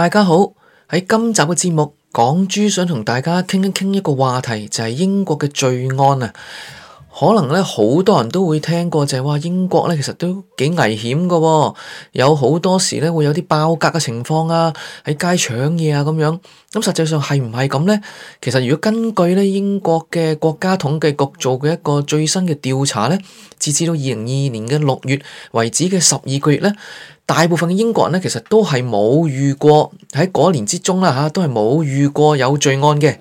大家好，喺今集嘅節目，港珠想同大家傾一傾一個話題，就係、是、英國嘅罪案啊。可能咧好多人都會聽過、就是，就係哇，英國咧其實都幾危險嘅、哦，有好多時咧會有啲爆格嘅情況啊，喺街搶嘢啊咁樣。咁、嗯、實際上係唔係咁咧？其實如果根據咧英國嘅國家統計局做嘅一個最新嘅調查咧，截至到二零二二年嘅六月為止嘅十二個月咧。大部分嘅英國人咧，其實都係冇遇過喺嗰年之中啦，嚇都係冇遇過有罪案嘅。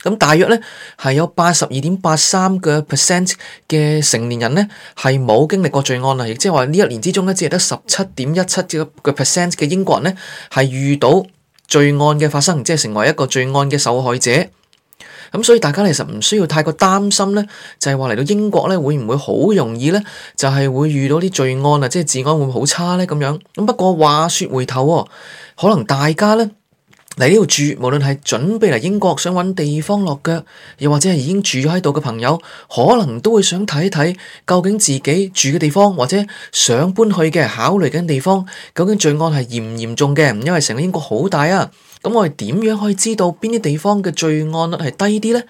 咁大約咧係有八十二點八三個 percent 嘅成年人咧係冇經歷過罪案啊！亦即係話呢一年之中咧，只係得十七點一七個 percent 嘅英國人咧係遇到罪案嘅發生，即係成為一個罪案嘅受害者。咁所以大家其實唔需要太過擔心咧，就係話嚟到英國咧，會唔會好容易咧，就係會遇到啲罪案啊，即係治安會唔會好差咧咁樣？咁不過話說回頭，可能大家咧嚟呢度住，無論係準備嚟英國想揾地方落腳，又或者係已經住咗喺度嘅朋友，可能都會想睇睇究竟自己住嘅地方或者想搬去嘅考慮緊地方，究竟罪案係嚴唔嚴重嘅？唔因為成個英國好大啊。咁我哋點樣可以知道邊啲地方嘅罪案率係低啲呢？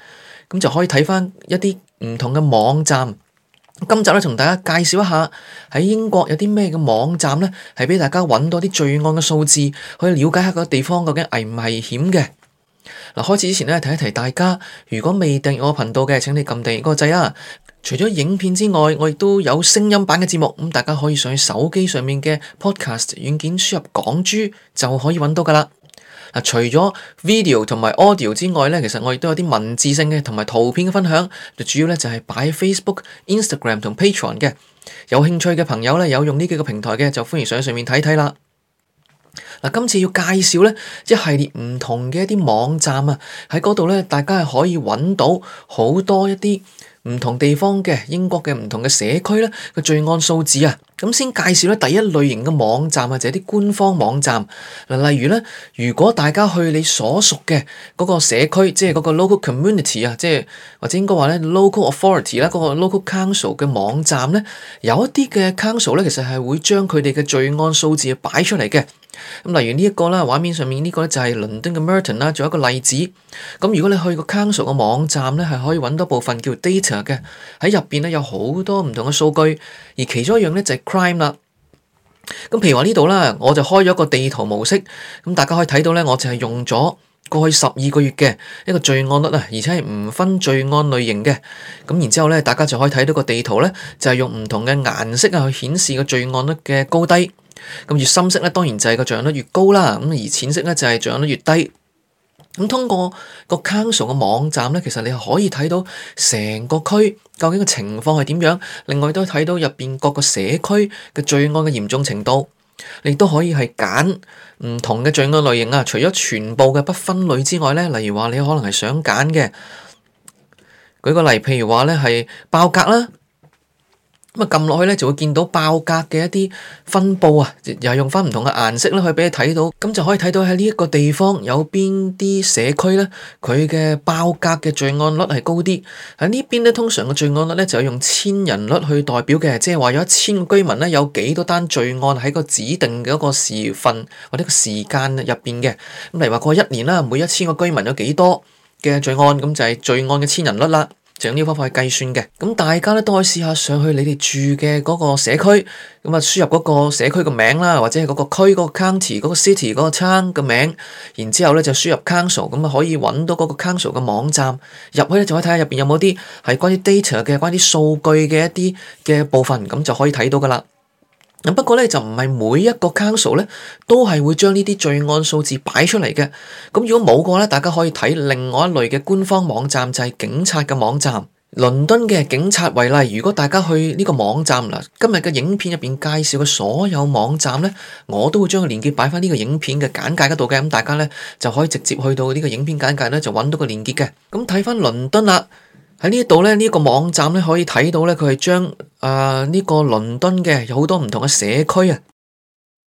咁就可以睇翻一啲唔同嘅網站。今集咧，同大家介紹一下喺英國有啲咩嘅網站咧，係畀大家揾到啲罪案嘅數字，可以了解下個地方究竟危唔危險嘅。嗱，開始之前咧，提一提大家，如果未訂閱我頻道嘅，請你撳訂閱個掣啊。除咗影片之外，我亦都有聲音版嘅節目，咁大家可以上去手機上面嘅 Podcast 軟件輸入港珠就可以揾到噶啦。啊，除咗 video 同埋 audio 之外咧，其實我亦都有啲文字性嘅同埋圖片嘅分享，主要咧就係擺 Facebook、Instagram 同 Patreon 嘅。有興趣嘅朋友咧，有用呢幾個平台嘅，就歡迎上去上面睇睇啦。嗱、啊，今次要介紹咧一系列唔同嘅一啲網站啊，喺嗰度咧，大家係可以揾到好多一啲。唔同地方嘅英國嘅唔同嘅社區咧嘅罪案數字啊，咁先介紹咧第一類型嘅網站，或者啲官方網站嗱，例如咧，如果大家去你所屬嘅嗰個社區，即係嗰個 local community 啊，即係或者應該話咧 local authority 啦，嗰個 local council 嘅網站咧，有一啲嘅 council 咧，其實係會將佢哋嘅罪案數字擺出嚟嘅。例如呢一個啦，畫面上面呢個就係倫敦嘅 Merton 啦，做一個例子。咁如果你去個 Council 嘅網站咧，係可以揾到部分叫 data 嘅，喺入邊咧有好多唔同嘅數據，而其中一樣咧就係 crime 啦。咁譬如話呢度啦，我就開咗一個地圖模式，咁大家可以睇到咧，我就係用咗過去十二個月嘅一個罪案率啊，而且係唔分罪案類型嘅。咁然之後咧，大家就可以睇到個地圖咧，就係用唔同嘅顏色啊去顯示個罪案率嘅高低。咁越深色咧，當然就係個罪案率越高啦。咁而淺色咧，就係罪案率越低。咁通過個 Council 嘅網站咧，其實你可以睇到成個區究竟嘅情況係點樣。另外都睇到入邊各個社區嘅罪案嘅嚴重程度，你都可以係揀唔同嘅罪案類型啊。除咗全部嘅不分類之外咧，例如話你可能係想揀嘅，舉個例，譬如話咧係爆格啦。咁啊，撳落去呢，就會見到爆格嘅一啲分布啊，又用翻唔同嘅顏色咧，去俾你睇到。咁就可以睇到喺呢一個地方有邊啲社區呢？佢嘅爆格嘅罪案率係高啲。喺呢邊咧，通常嘅罪案率呢，就用千人率去代表嘅，即係話有一千個居民呢，有幾多單罪案喺個指定嘅一個時份或者個時間入邊嘅。咁例如話過一年啦，每一千個居民有幾多嘅罪案，咁就係罪案嘅千人率啦。上呢個方法去計算嘅，咁大家都可以試下上去你哋住嘅嗰個社區，咁啊輸入嗰個社區個名啦，或者係嗰個區、嗰個 county、嗰個 city、嗰個 town 嘅名字，然之後咧就輸入 council，咁啊可以揾到嗰個 council 嘅網站，入去咧就可以睇下入面有冇啲係關於 data 嘅、關於數據嘅一啲嘅部分，咁就可以睇到㗎喇。不過呢，就唔係每一個 Council 咧，都係會將呢啲罪案數字擺出嚟嘅。咁如果冇嘅話咧，大家可以睇另外一類嘅官方網站，就係警察嘅網站。倫敦嘅警察為例，如果大家去呢個網站啦，今日嘅影片入面介紹嘅所有網站呢，我都會將個連結擺翻呢個影片嘅簡介嗰度嘅，咁大家呢，就可以直接去到呢個影片簡介咧，就揾到個連結嘅。咁睇翻倫敦啦。喺呢度咧，呢個網站咧可以睇到咧，佢係將誒呢個倫敦嘅有好多唔同嘅社區啊，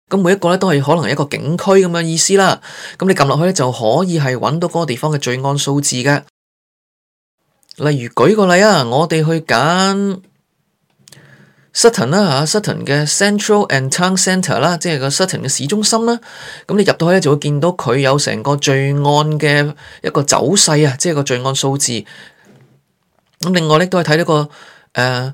咁每一個咧都係可能係一個景區咁嘅意思啦。咁你撳落去咧就可以係搵到嗰個地方嘅罪案數字嘅。例如舉個例啊，我哋去揀 Sutton 啦吓，Sutton 嘅 Central and Town Centre 啦，即係個 Sutton 嘅市中心啦。咁你入到去咧就會見到佢有成個罪案嘅一個走勢啊，即係個罪案數字。另外咧，都可以睇到個誒、呃、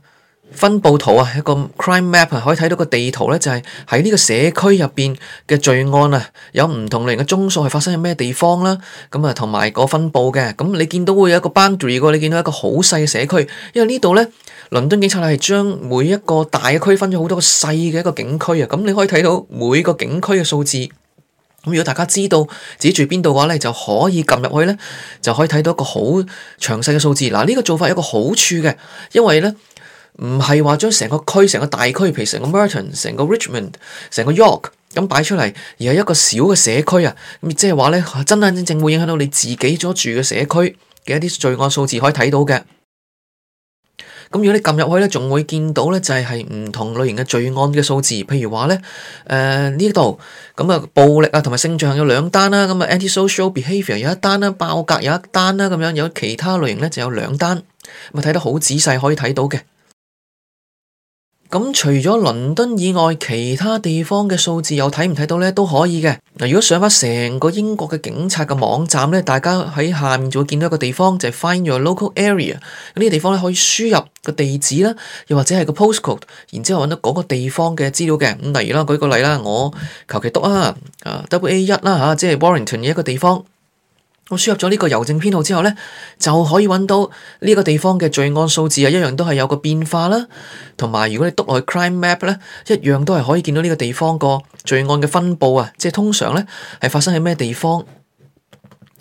分布圖啊，一個 crime map 可以睇到個地圖咧，就係喺呢個社區入邊嘅罪案啊，有唔同類型嘅宗數係發生喺咩地方啦。咁啊，同埋個分布嘅。咁你見到會有一個 boundary 個，你見到一個好細嘅社區，因為呢度咧，倫敦警察係將每一個大嘅區分咗好多個細嘅一個警區啊。咁你可以睇到每個警區嘅數字。咁如果大家知道自己住邊度嘅話咧，就可以撳入去咧，就可以睇到一個好詳細嘅數字。嗱，呢個做法有個好處嘅，因為咧唔係話將成個區、成個大區，譬如成個 Merton、成個 Richmond、成個 York 咁擺出嚟，而係一個小嘅社區啊。咁即係話咧，真真正正會影響到你自己所住嘅社區嘅一啲罪案數字可以睇到嘅。咁如果你撳入去咧，仲會見到咧，就係唔同類型嘅罪案嘅數字，譬如話咧，誒呢度，咁啊暴力啊，同埋性象有兩單啦，咁啊 antisocial behaviour 有一單啦，爆格有一單啦，咁樣有其他類型咧，就有兩單，咁啊睇得好仔細，可以睇到嘅。咁除咗倫敦以外，其他地方嘅數字又睇唔睇到咧？都可以嘅。嗱，如果上翻成個英國嘅警察嘅網站咧，大家喺下面就會見到一個地方，就係、是、Find your local area。呢、這個地方咧，可以輸入個地址啦，又或者係個 postcode，然之後搵到嗰個地方嘅資料嘅。咁例如啦，舉個例啦，我求其讀啊，啊 WA 一啦嚇，即係 Warrington 嘅一個地方。我輸入咗呢個郵政編號之後呢，就可以揾到呢個地方嘅罪案數字啊，一樣都係有個變化啦。同埋，如果你督落去 Crime Map 呢，一樣都係可以見到呢個地方個罪案嘅分布啊，即係通常呢，係發生喺咩地方？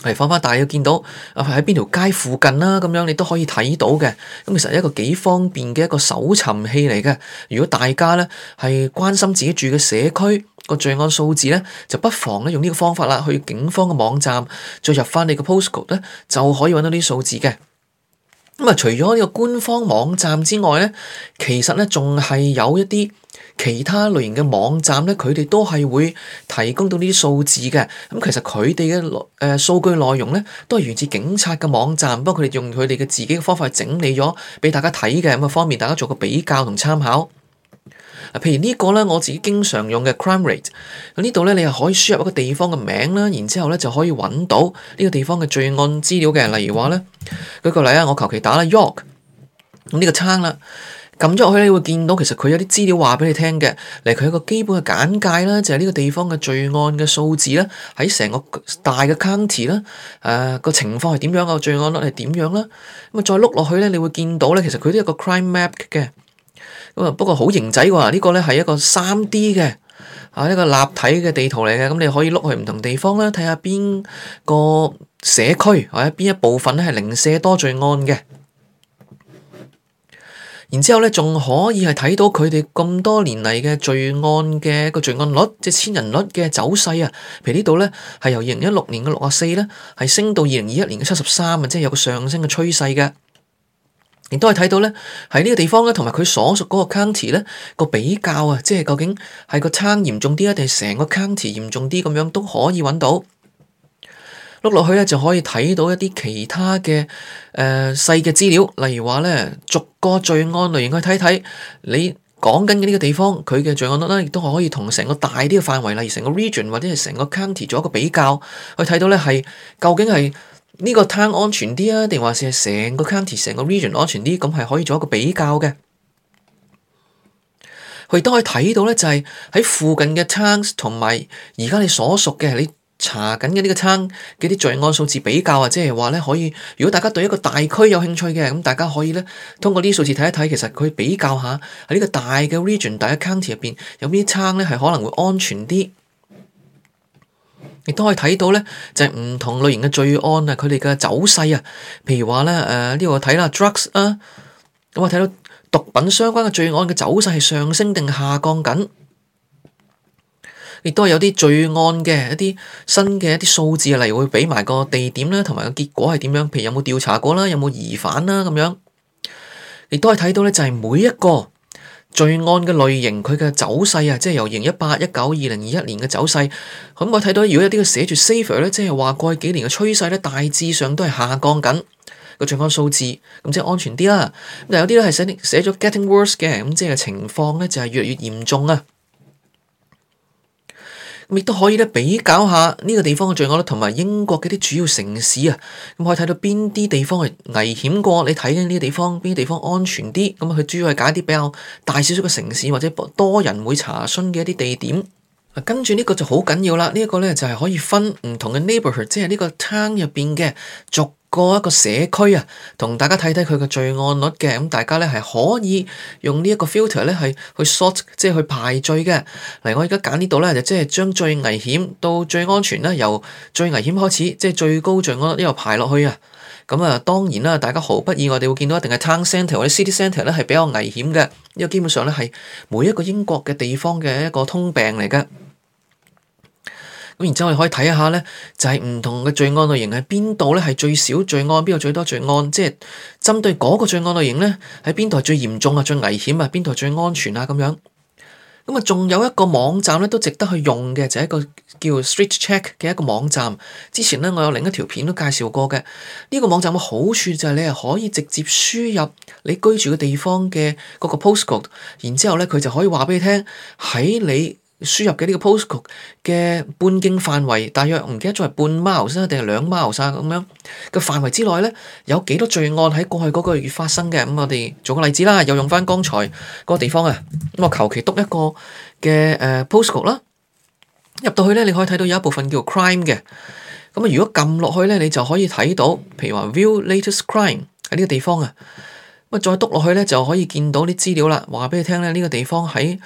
係放翻大約，見到啊喺邊條街附近啦，咁樣你都可以睇到嘅。咁其實係一個幾方便嘅一個搜尋器嚟嘅。如果大家呢，係關心自己住嘅社區，個罪案數字咧，就不妨咧用呢個方法啦，去警方嘅網站再入翻你個 postcode 咧，就可以揾到呢啲數字嘅。咁啊，除咗呢個官方網站之外咧，其實咧仲係有一啲其他類型嘅網站咧，佢哋都係會提供到呢啲數字嘅。咁其實佢哋嘅誒數據內容咧，都係源自警察嘅網站，不過佢哋用佢哋嘅自己嘅方法去整理咗，俾大家睇嘅。咁啊，方便大家做個比較同參考。啊，譬如呢個咧，我自己經常用嘅 crime rate。咁呢度咧，你係可以輸入一個地方嘅名啦，然之後咧就可以揾到呢個地方嘅罪案資料嘅。例如話咧，舉個例啊，我求其打啦 York，咁呢個撐啦，撳咗落去咧，你會見到其實佢有啲資料話俾你聽嘅，嚟佢有個基本嘅簡介啦，就係呢個地方嘅罪案嘅數字啦，喺成個大嘅 county 啦、呃，誒個情況係點樣啊，罪案率係點樣啦，咁啊再碌落去咧，你會見到咧，其實佢都有個 crime map 嘅。咁啊！不過好型仔喎，呢、這個呢係一個三 D 嘅啊，一個立體嘅地圖嚟嘅。咁你可以碌去唔同地方啦，睇下邊個社區或者邊一部分咧係零舍多罪案嘅。然之後咧，仲可以係睇到佢哋咁多年嚟嘅罪案嘅個罪案率，即係千人率嘅走勢啊。譬如呢度呢，係由二零一六年嘅六十四呢，係升到二零二一年嘅七十三啊，即係有個上升嘅趨勢嘅。亦都係睇到呢，喺呢個地方咧，同埋佢所屬嗰個 county 呢個比較啊，即係究竟係個差嚴重啲啊，定係成個 county 嚴重啲咁樣都可以揾到。碌落去呢，就可以睇到一啲其他嘅誒、呃、細嘅資料，例如話呢，逐個罪案類型去睇睇。你講緊嘅呢個地方佢嘅罪案率呢，亦都可以同成個大啲嘅範圍，例如成個 region 或者係成個 county 做一個比較，去睇到呢係究竟係。呢個 town 安全啲啊，定還是成個 county、成個 region 安全啲？咁係可以做一個比較嘅。佢都可以睇到咧，就係、是、喺附近嘅 town 同埋而家你所屬嘅，你查緊嘅呢個 town 嘅啲罪案數字比較啊，即係話咧可以。如果大家對一個大區有興趣嘅，咁大家可以咧通過啲數字睇一睇，其實佢比較下喺呢個大嘅 region、大嘅 county 入邊有邊啲 town 咧係可能會安全啲。亦都可以睇到咧，就係唔同類型嘅罪案啊，佢哋嘅走勢啊，譬如話咧誒、呃、呢個睇下 drugs 啊，咁啊睇到毒品相關嘅罪案嘅走勢係上升定下降緊，亦都有啲罪案嘅一啲新嘅一啲數字，例如會畀埋個地點咧，同埋個結果係點樣，譬如有冇調查過啦，有冇疑犯啦咁樣，亦都可以睇到咧，就係每一個。罪案嘅類型，佢嘅走勢啊，即係由二零一八、一九、二零、二一年嘅走勢，可唔可以睇到，如果有啲嘅寫住 safer 咧，即係話過去幾年嘅趨勢咧，大致上都係下降緊個罪案數字，咁即係安全啲啦。咁但有啲咧係寫寫咗 getting worse 嘅，咁即係情況咧就係越嚟越嚴重啊。亦都可以咧比較下呢個地方嘅罪案同埋英國嘅啲主要城市啊，咁可以睇到邊啲地方係危險過，你睇緊呢啲地方，邊啲地方安全啲，咁佢主要係揀一啲比較大少少嘅城市或者多人會查詢嘅一啲地點。跟住呢個就好緊要啦，呢一個咧就係可以分唔同嘅 neighborhood，即係呢個 town 入邊嘅逐過一個社區啊，同大家睇睇佢嘅罪案率嘅，咁大家咧係可以用呢一個 filter 咧係去 sort，h 即係去排序嘅。嚟我而家揀呢度咧，就即係將最危險到最安全啦，由最危險開始，即係最高罪案率呢度排落去啊。咁啊，當然啦，大家毫不意外地會見到一定係 town centre 或者 city centre 咧係比較危險嘅，因為基本上咧係每一個英國嘅地方嘅一個通病嚟嘅。咁然之後，你可以睇一下咧，就係唔同嘅罪案類型喺邊度咧，係最少罪案，邊度最多罪案？即係針對嗰個罪案類型咧，喺邊度係最嚴重啊？最危險啊？邊度係最安全啊？咁樣。咁啊，仲有一個網站咧，都值得去用嘅，就係一個叫 StreetCheck 嘅一個網站。之前咧，我有另一條片都介紹過嘅。呢個網站嘅好處就係你係可以直接輸入你居住嘅地方嘅嗰個 postcode，然之後咧，佢就可以話俾你聽喺你。輸入嘅呢個 post code 嘅半徑範圍，大約唔記得咗係半 mile 先定係兩 mile 咁樣嘅範圍之內呢，有幾多罪案喺過去嗰個月發生嘅？咁我哋做個例子啦，又用翻剛才個地方啊。咁我求其督一個嘅誒、呃、post code 啦，入到去呢，你可以睇到有一部分叫 crime 嘅。咁啊，如果撳落去呢，你就可以睇到，譬如話 view latest crime 喺呢個地方啊。咁啊，再督落去呢，就可以見到啲資料啦。話俾你聽呢，呢、呢個地方喺。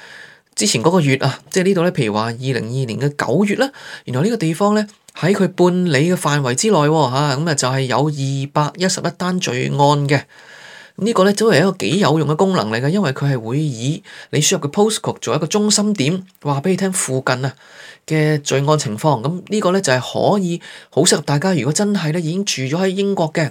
之前嗰個月啊，即係呢度咧，譬如話二零二二年嘅九月啦，原來呢個地方咧喺佢辦理嘅範圍之內喎吓，咁啊就係、是、有二百一十一單罪案嘅。呢、這個咧作為一個幾有用嘅功能嚟嘅，因為佢係會以你輸入嘅 postcode 做一個中心點，話俾你聽附近啊嘅罪案情況。咁呢個咧就係可以好適合大家，如果真係咧已經住咗喺英國嘅。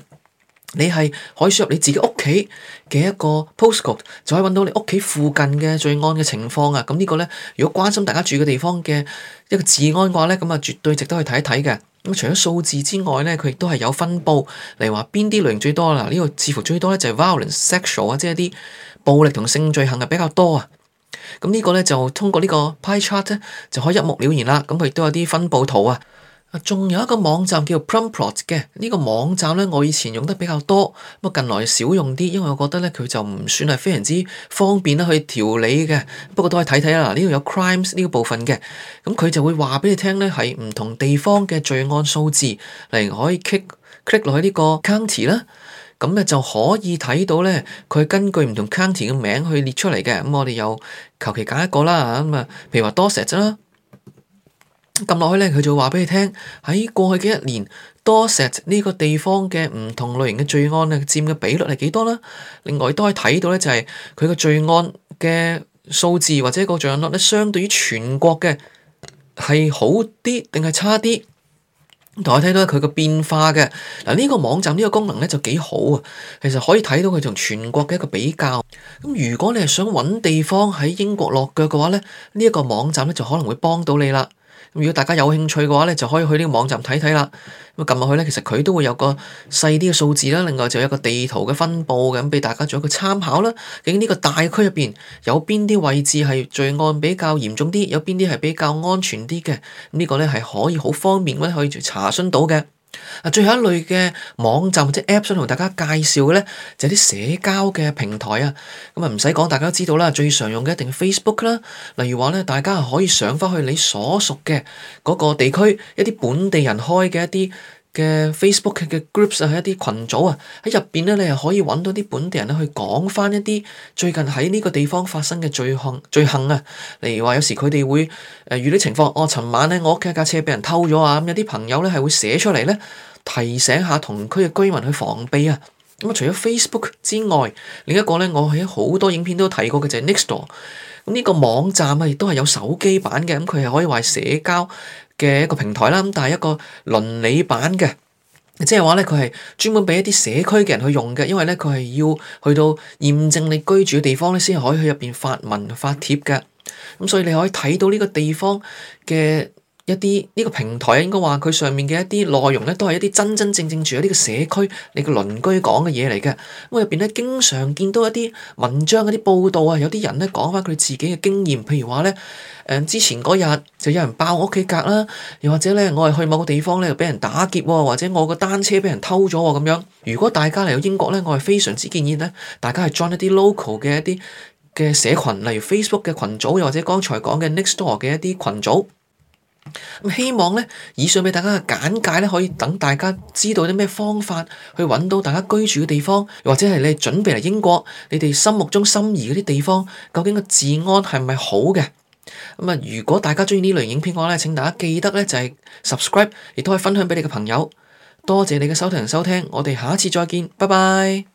你係可以輸入你自己屋企嘅一個 postcode，就可以揾到你屋企附近嘅罪案嘅情況啊！咁呢個呢，如果關心大家住嘅地方嘅一個治安嘅話呢，咁啊絕對值得去睇一睇嘅。咁除咗數字之外呢，佢亦都係有分佈，例如話邊啲類型最多啦。呢個似乎最多呢，就係 violent sexual 啊，即係啲暴力同性罪行係比較多啊。咁呢個呢，就通過呢個 pie chart 呢，就可以一目了然啦。咁佢亦都有啲分佈圖啊。仲有一個網站叫 Plumplot 嘅，呢、呢個網站呢，我以前用得比較多，咁啊近來少用啲，因為我覺得呢，佢就唔算係非常之方便去調理嘅。不過都係睇睇啦，呢度有 Crimes 呢個部分嘅，咁佢就會話畀你聽呢係唔同地方嘅罪案數字，例如可以 click click 落去個呢個 county 啦，咁咧就可以睇到呢，佢根據唔同 county 嘅名去列出嚟嘅。咁我哋又求其揀一個啦，咁啊，譬如話 Dorset 啦。撳落去咧，佢就話俾你聽喺過去嘅一年 Dorset 呢個地方嘅唔同類型嘅罪案咧，佔嘅比率係幾多啦？另外都可以睇到咧、就是，就係佢個罪案嘅數字或者個罪案率咧，相對於全國嘅係好啲定係差啲？同我睇到佢個變化嘅嗱，呢、這個網站呢個功能咧就幾好啊！其實可以睇到佢同全國嘅一個比較。咁如果你係想揾地方喺英國落腳嘅話咧，呢、這、一個網站咧就可能會幫到你啦。如果大家有興趣嘅話呢就可以去呢個網站睇睇啦。咁啊，撳落去呢，其實佢都會有個細啲嘅數字啦。另外就有個地圖嘅分佈咁，俾大家做一個參考啦。究竟呢個大區入邊有邊啲位置係罪案比較嚴重啲，有邊啲係比較安全啲嘅？呢個呢係可以好方便咁去查詢到嘅。最後一類嘅網站或者 Apps 想同大家介紹嘅呢，就係啲社交嘅平台啊。咁啊，唔使講，大家都知道啦。最常用嘅一定係 Facebook 啦。例如話呢，大家可以上翻去你所屬嘅嗰個地區，一啲本地人開嘅一啲。嘅 Facebook 嘅 groups 啊，係一啲群組啊，喺入邊咧，你又可以揾到啲本地人咧，去講翻一啲最近喺呢個地方發生嘅罪行，罪行啊，例如話有時佢哋會誒遇到情況，哦，尋晚咧我屋企架車俾人偷咗啊，咁、嗯、有啲朋友咧係會寫出嚟咧提醒下同區嘅居民去防備啊。咁、嗯、啊，除咗 Facebook 之外，另一個咧我喺好多影片都提過嘅就係、是、Nextdoor、嗯。咁、這、呢個網站啊，亦都係有手機版嘅，咁佢係可以話社交嘅一個平台啦，咁但係一個倫理版嘅，即係話咧，佢係專門俾一啲社區嘅人去用嘅，因為咧佢係要去到驗證你居住嘅地方咧，先可以去入邊發文發帖嘅，咁所以你可以睇到呢個地方嘅。一啲呢個平台啊，應該話佢上面嘅一啲內容咧，都係一啲真真正正住喺呢個社區，你個鄰居講嘅嘢嚟嘅。咁入邊咧，經常見到一啲文章一啲報道啊，有啲人咧講翻佢自己嘅經驗，譬如話呢：「誒之前嗰日就有人爆我屋企格啦，又或者呢，我係去某個地方咧，就俾人打劫喎，或者我個單車俾人偷咗喎，咁樣。如果大家嚟到英國呢，我係非常之建議咧，大家係 join 一啲 local 嘅一啲嘅社群，例如 Facebook 嘅群組，又或者剛才講嘅 next door 嘅一啲群組。希望呢，以上畀大家嘅簡介呢，可以等大家知道啲咩方法去搵到大家居住嘅地方，又或者係你準備嚟英國，你哋心目中心儀嗰啲地方，究竟個治安係咪好嘅？咁啊，如果大家鍾意呢類影片嘅話呢，請大家記得呢，就係 subscribe，亦都可以分享畀你嘅朋友。多謝你嘅收聽同收聽，我哋下一次再見，拜拜。